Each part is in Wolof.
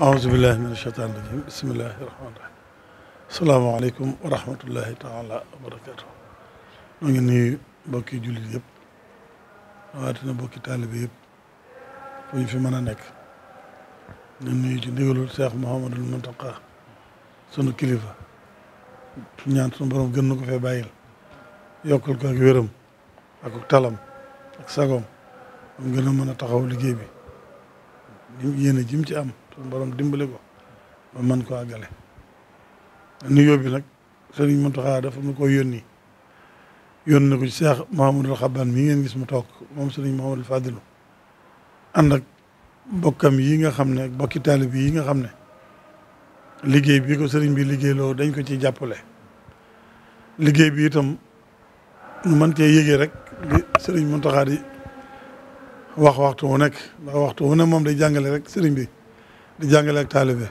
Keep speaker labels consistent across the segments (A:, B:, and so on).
A: a min asheytaan rajim bismillahi rahmaan rahim asalaamaaleykum wa rahmatullahi taala wa barakatu ma nuyu mbokki jullit yëpp rawatina mbokki taalibe yëpp fu ñu fi mën a nekk ñu nuyu ci ndigalul Cheikh Mouhamadul Muntaqa sunu kilifa ñaan sunu gën na ko fee bàyyil yokkal ko ak wéram ak talam ak sagoom am gën a mën a taxaw liggéey bi jim ci am suñu dimbale dimbali ko ba mën ko àggale nuyoo bi nag sëriñ Mountakha dafa nu ko yónni yónni na ko ci Cheikh Xaban ngeen gis mu toog moom sëriñ Mouhamadul Fadilu yi nga xam ne ak bokki taalib yi nga xam ne liggéey bii ko sëriñ bi liggéeyloo dañ ko ci jàppale liggéey bi itam ñu mën cee yëgee rek di sëriñ Mountakha wax waxtu wu nekk waxtu wu ne moom day jàngale rek sëriñ bi di jàngale ak taalibe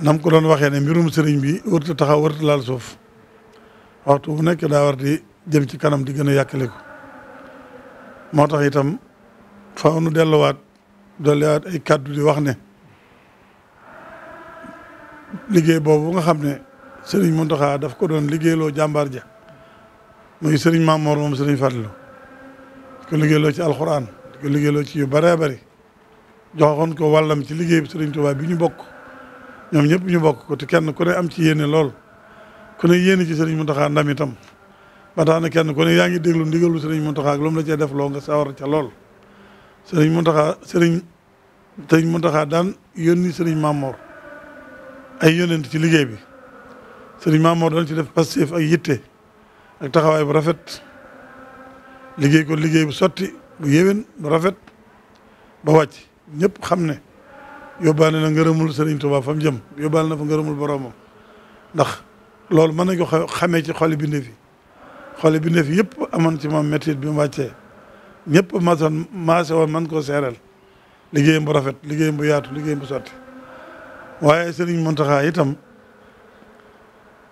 A: nam ko doon waxee ne mbirum sëriñ bi warta taxaw warta laal suuf waxtu bu nekk daa war di jëm ci kanam di gën a yàkkale moo tax itam faaw nu delluwaat dolliwaat ay kàddu di wax ne liggéey boobu nga xam ne sëriñ taxa daf ko doon liggéeyloo jàmbaar ja muy sëriñ Mamoor moom sëriñ Fadlu ko liggéeyloo ci alxuraan ko liggéeyloo ci yu bëree bëri joxoon ko wàllam ci liggéey bi Sëriñ Tuubaa bi ñu bokk ñoom ñëpp ñu bokk ko te kenn ku ne am ci yéene lool ku ne ci Sëriñ Muntaxa ndam itam ba tax na kenn ku yaa ngi déglu ndigalu Sëriñ Muntaxa ak lu mu la cee def loo nga sawar ca lool Sëriñ Muntaxa Sëriñ Sëriñ Muntaxa daan yónni Sëriñ Maamoor ay yónent ci liggéey bi Sëriñ Maamoor daan ci def passif ak yitte ak taxawaay bu rafet liggéey ko liggéey bu sotti bu yéwén bu rafet ba wàcc ñëpp xam ne yóbbaale na ngërëmul Sëriñ Tuubaa fam jëm yóbbaale na fa ngërëmul boroomam ndax loolu mën na ko xamee ci xoli bindeef yi xoli bindeef yi yëpp aman ci moom métit bi mu wàccee ñëpp masoon maase woon man koo seeral liggéeyam bu rafet liggéey bu yaatu liggéey bu sotti waaye Sëriñ Muntaxa itam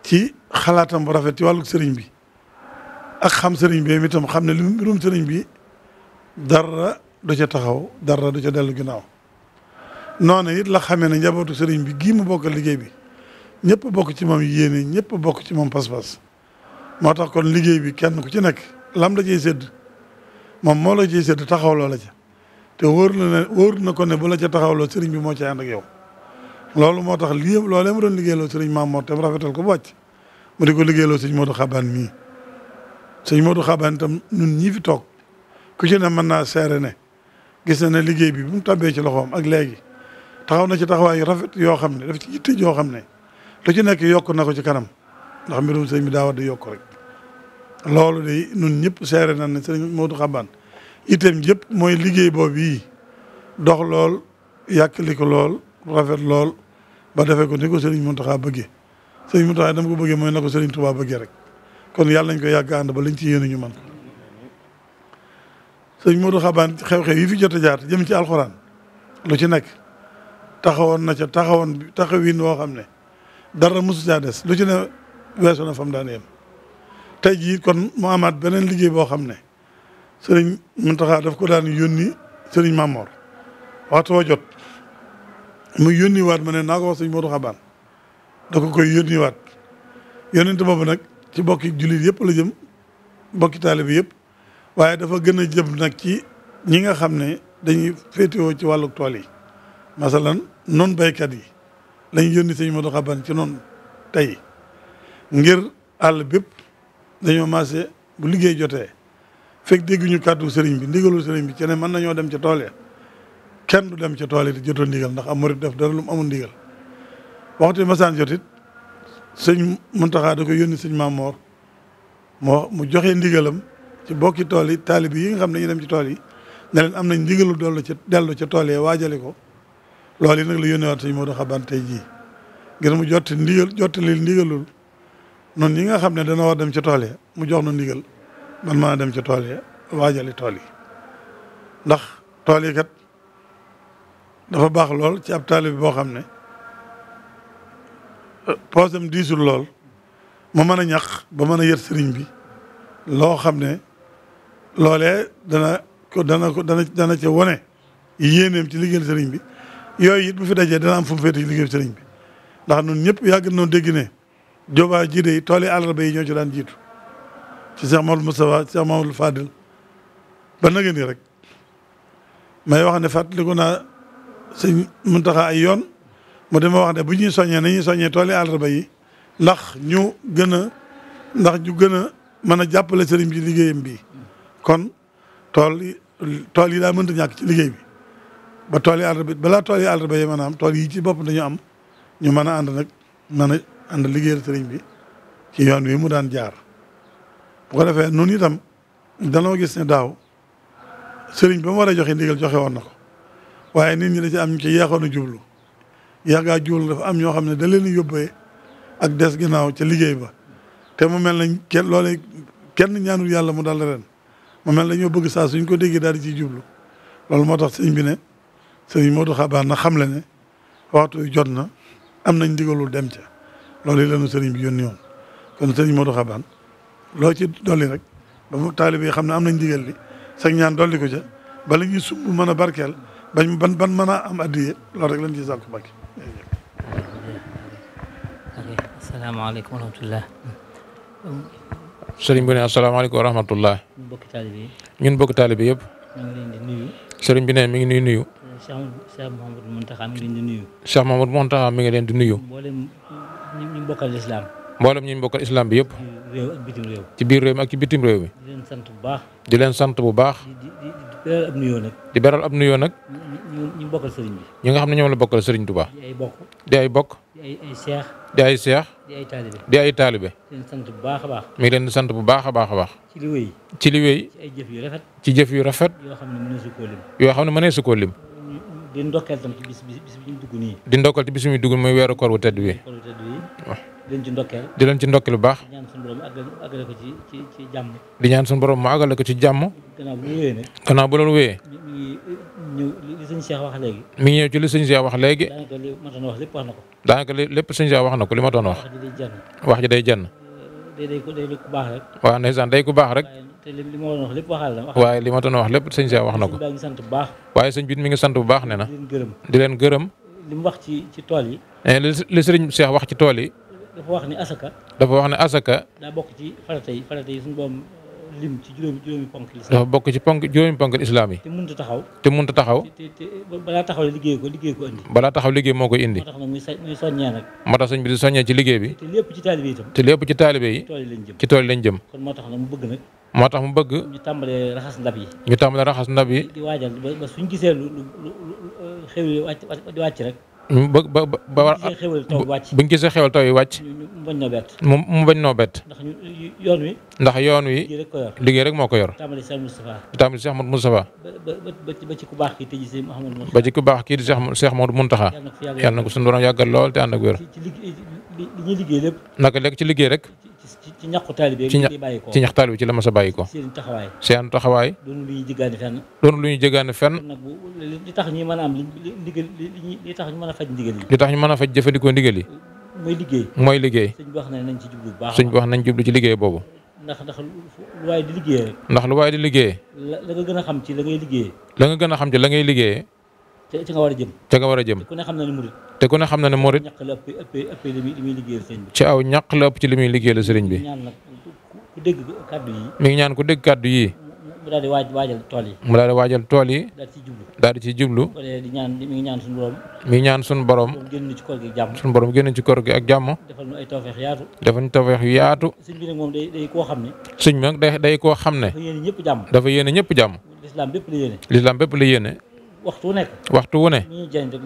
A: ci xalaatam bu rafet ci wàllu sëriñ bi ak xam sëriñ bi itam xam ne lu mbirum sëriñ bi dara du ca taxaw dara du ca dellu ginnaaw noonu it la xamee ne njabootu sëriñ bi gii mu bokk liggéey bi ñëpp bokk ci moom yéene ñëpp bokk ci moom pas-pas moo tax kon liggéey bi kenn ku ci nekk lam la ciy sédd moom moo la ciy sédd la ca te wóor na ne wóor na ko ne bu la ca taxawloo sëriñ bi moo ci ànd ak yow loolu moo tax lii loolee mu doon liggéeyloo sëriñ Maamoor te mu rafetal ko bu wàcc mu di ko liggéeyloo sëñ Modou Xabaan mii sëñ Modou Xabaan itam ñun ñii fi toog ku ci ne mën naa seere ne gis na ne liggéey bi bi mu tàbbee ci loxoom ak léegi taxaw na ci taxawaay rafet yoo xam ne daf ci yitte yoo xam ne lu ci nekk yokk na ko ci kanam ndax mbirum sëñ bi daa war di yokk rek loolu de nun ñëpp seere na ne sëñ Modou Xabaan itam yëpp mooy liggéey boobu yi dox lool yàkkali ko lool rafet lool ba defee ko ni ko sëriñ Mountakha bëggee sëriñ Mountakha dama ko bëggee mooy na ko sëriñ Touba bëggee rek kon yàlla nañ koy yàgg ànd ba liñ ci yéene ñu man sëñ Modou Xabaan xew-xew yi fi jot a jaar jëm ci alxuraan lu ci nekk taxawoon na ca taxawoon taxawin woo xam ne dara mosu caa des lu ci ne weesu na fam daan yem tey jii kon mu amaat beneen liggéey boo xam ne sëriñ Muntaxa def ko daan yónni sëriñ Mamor waxtu woo jot mu yónni waat ma ne naa ko wax sëñ Modou Xabaan da ko koy yónni waat yónnent boobu nag ci bokki jullit yëpp la jëm bokki taalibe yëpp waaye dafa gën a jëm nag ci ñi nga xam ne dañuy féetewoo ci wàllu tool yi masalan noon baykat yi lañ yónni sëñ Modou Xaban ci noonu tey ngir àll bépp dañoo maase bu liggéey jotee fekk dégguñu kàddu sëriñ bi ndigalul sëriñ bi ci ne mën nañoo dem ca tool ya kenn du dem ca tool yi di jotoon ndigal ndax am murit def dara lu mu amul ndigal waxtu masaan jotit sëñ Muntaxa da ko yónni sëñ Maamoor moo mu joxe ndigalam ci bokki tool yi taalib yi nga xam ne ñu dem ci tool yi ne am nañ ndigalu doolu ca dellu ca tool yee waajale ko loolu yi nag la yónneewaat sëñ Modou Xabaan tey jii ngir mu jotti ndigal jottali ndigalul noonu ñi nga xam ne dana war dem ca tool ya mu jox nu ndigal man mën a dem ca tool ya waajali tool yi ndax tool yi kat dafa baax lool ci ab taalib boo xam ne poosam diisul lool mu mën a ñaq ba mën a yër sëriñ bi loo xam ne loole dana ko ko dana dana ca wone yéeneem ci liggéeyal sëriñ bi yooyu it bu fi dajee dana am fu mu féete ci liggéeyal sëriñ bi ndax nun ñëpp yàgg noonu dégg ne jobaa ji de tool yi àllarba yi ñoo ci daan jiitu ci Cheikh Mamadou Moustapha Cheikh Mamadou Fadil ba rek may wax ne naa sëñ Muntaxa ay yoon mu dama wax ne bu ñuy soññee nañuy soññee tool yi àllarba yi ndax ñu gën a ndax ñu gën a mën a jàppale sëriñ bi liggéeyam bii kon tool tool yi daa mënta ñàkk ci liggéey bi ba tool yi àll balaa tool yi àll ba yi mën a am tool yi ci bopp dañu am ñu mën a ànd nag mën a ànd liggéeyal sëriñ bi ci yoon wii mu daan jaar bu ko defee nun itam danoo gis ne daaw sëriñ ba mu war a joxe ndigal joxe woon na ko waaye nit ñi da ci am ñu ci yeexoon a jublu yeexgaa jublu dafa am ñoo xam ne da leen yóbbee ak des ginnaaw ci liggéey ba te mu mel na kenn loolee ñaanul yàlla mu dal ren mu mel dañoo bëgg saa suñ ko déggee daadi di ciy jublu loolu moo tax sëñ bi ne sëriñ Modou xabaan na xamle ne waxtu jot na am nañ digalul dem ca loolu lanu sëriñ bi yónni woon kon sëriñ Modou Xabaar loo ci dolli rek ba mu taalibe yi xam ne am nañ digal li sag ñaan dolli ko ca ba la ñuy sumb mën a barkeel bañ ban ban mën am addiye loolu rek lañ ci sàkku bàkki
B: asalaamaaleykum wa rahmatullah
C: sëriñ bu ne asalaamaaleykum wa bokki taalibe yi. ñun bokki taalibe yëpp.
B: maa ngi leen di nuyu.
C: sëriñ bi ne mi ngi nuyu nuyu.
B: Cheikh Mouhamadou Mountakha mi ngi di nuyu.
C: Cheikh Mouhamadou Mountakha mi ngi leen di nuyu.
B: mboolem ñi ñu bokkal islam.
C: mboolem ñi bokkal islam bi yëpp. ci biir réew mi ak ci bitim réew mi. di leen sant bu baax.
B: beral ab nuyoo nag.
C: di beral ab nuyoo nag.
B: ñu ñu bokkal sëriñ bi.
C: ñi nga xam ne ñoom la bokkal sëriñ Touba. di ay bokk. di ay bokk. di ay ay seex. di ay seex. di taalibe.
B: di leen sant bu baax a baax.
C: mi ngi leen sant bu baax a baax baax. ci li wéy. ci li ci
B: jëf yu rafet. ci yoo xam ne mënee su koo
C: lim. ne mënee su koo lim.
B: di ndokkal tam ci bis bis bi ñu dugg nii.
C: di ndokkal ci bis bi ñu dugg muy weeru koor wu tedd wi. di leen ci ndokkeel di leen ci ndokkeel bu baax. di ñaan suñu borom mu àggale ko ci jàmm.
B: di ñaan suñu borom mu mi eh, ñëw wax léegi.
C: mi ngi ñëw ci li sëñ Cheikh wax léegi. daanaka lépp wax na ko. wax na ko li ma doon wax. wax ji day jànn.
B: day day day ku baax
C: rek. ku baax rek.
B: li ma doon wax waaye li ma doon wax lépp sëñ Cheikh wax na ko.
C: waaye sëñ bi mi ngi sant bu baax nee na. di leen gërëm.
B: li mu wax ci ci tool yi.
C: Eh, li sëriñ seex wax ci tool yi
B: dafa wax ne asaka.
C: wax ne asaka.
B: daa bokk ci farata yi farata yi suñu boom lim ci juróomi ponk lislaam. dafa bokk
C: ci ponk juróomi ponk lislaam yi. te mënut a taxaw. te mënut a taxaw.
B: te te balaa taxaw liggéey ko liggéey ko indi.
C: balaa taxaw liggéey moo koy indi. moo tax
B: nag muy sa muy soññee nag.
C: moo tax sëñ bi di soññee ci liggéey bi. te lépp ci taalibe yi itam. te lépp ci taalibe yi. ci tool yi lañ jëm
B: moo tax nag mu bëgg nag. moo tax mu bëgg. ñu tàmbalee raxas ndab yi.
C: ñu tàmbalee raxas ndab yi.
B: di waajal ba suñ gisee lu lu xew yi wàcc di
C: ba ba ba war buñ gisee xewal yi wàcc. mu bañ noo bett. mu noo bett.
B: ndax yoon wi. ndax yoon wi liggéey rek moo ko yor. tàmbali Cheikh Moustapha. tàmbali Cheikh Modou Moustapha. ba ci ku baax kii di Cheikh Modou Mountakha. ba ci ku
C: baax kii di Cheikh na ko suñu borom yàggal lool te ànd ak wér. naka lekk ci liggéey rek.
B: ci ñaqu taalibe ci ñaq taalibe ci la mas a bàyyi ko seen taxawaay seen taxawaay doon lu ñuy
C: jëgaani fenn doon lu ñuy jëgaani fenn
B: li tax ñu mën a am ndigal li tax ñu mën a faj ndigal yi li tax ñu
C: mën a faj jëfandikoo ndigal mooy liggéey mooy bu wax nañ jublu ci liggéey boobu
B: ndax lu waaye di liggéey ndax
C: lu waaye di liggéey
B: la nga gën a xam ci la ngay liggéey
C: la nga gën a xam ci la ngay liggéey ca nga war a jëm. a jëm te ku xam na ne murit. te ku ne xam na ne murit.
B: ñaq la ëpp ëpp ëpp li muy liggéeyal sëriñ bi. ci
C: aw ñaq la ëpp ci li muy la sëriñ bi.
B: ñaan nag ku dégg kàddu yi.
C: ngi ñaan ku dégg kàddu yi.
B: mu daal di waajal tool yi. mu daal di waajal tool yi. daal di jublu. daal di ciy jublu. di ñaan mi ngi ñaan suñu borom.
C: ngi ñaan suñu borom. génn ci koor gi ak jàmm. suñu borom génn ci koor gi ak jàmm.
B: defal ñu ay tawfeex yaatu.
C: defal yaatu.
B: sëñ bi nag day koo xam ne.
C: sëñ bi nag day koo xam ne. dafa yéene ñëpp jàmm. dafa yéene ñëpp jàmm.
B: lislaam bépp la yéene.
C: lislaam bépp la yéene. waxtu wu nekk. waxtu wu ne.
B: lu ñuy jëriñ rek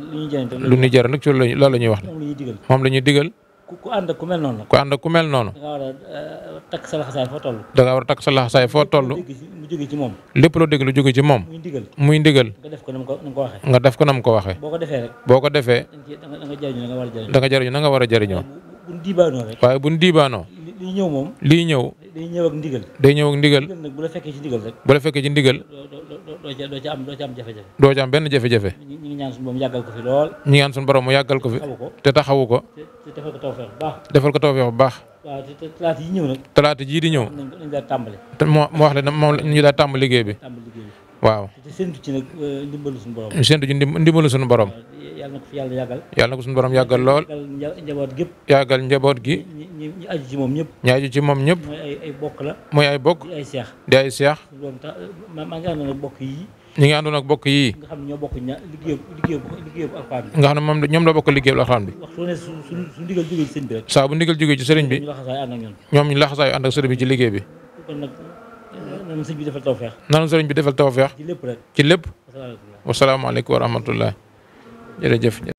B: lu ñuy
C: jëriñ rek. la ñuy wax. moom la ñuy digal moom la ñuy digal.
B: ku ànd ak ku mel noonu la.
C: ku ànd ak ku mel noonu. Eh,
B: war a takk sa laxasaay foo toll.
C: da war a takk sa laxasaay foo toll. lu jóge moom. lépp loo dégg lu jóge ci moom. muy ndigal muy ndigal. nga def ko na mu ko waxee. nga def ko na mu ko waxee. boo ko defee rek. boo ko defee.
B: da da nga
C: jëriñoo war a jëriñoo. bu ñu waaye bu ñu diibaanoo. lii ñëw moom. lii ñëw. day ñëw ndigal. day ñëw ak ndigal. bu bu la fekkee ci ndigal.
B: doo ca doo ca am doo ca am jafe-jafe.
C: doo ca am benn jafe-jafe.
B: ñu ngi ñaan suñu borom yàggal ko fi lool. ñu ngi ñaan suñu borom mu ko fi. te taxawu ko ko tawfeex bu baax.
C: defal ko baax.
B: waaw te ñëw nag. jii di ñëw.
C: moo wax la moom ñu daal tàmbali liggéey bi. waaw
B: te séntu ci nag euh, ndimbalu suñu borom. séntu ci borom. yàlla na ko fi yàlla yàggal. yàlla na ko borom yàggal lool. yàggal njaboot gépp.
C: yàggal njaboot gi. ñi ñi aju ci moom ñëpp.
B: ñi ci moom ñëpp. mooy ay ay bokk la. mooy ay bokk. di ay seex. di ay seex. ak bokk yi.
C: ñu ngi àndoon ak bokk yi. nga
B: xam ne ñoo bokk ña liggéeyu liggéeyu liggéeyu
C: xam ne moom ñoom la bokk liggéeyu alxuraan bi.
B: waxtu ne su su ndigal jógee ci sëriñ bi rek. saa bu ndigal jógee ci sëriñ bi.
C: ñoom ñu laxasaayu ànd ak sëriñ bi ci liggéey bi.
B: na sëñ bi defal tawfeex.
C: na la sëriñ bi defal tawfeex. ci lépp rek ci lépp. wasalaamaaleykum wa rahmatullah jërëjëf.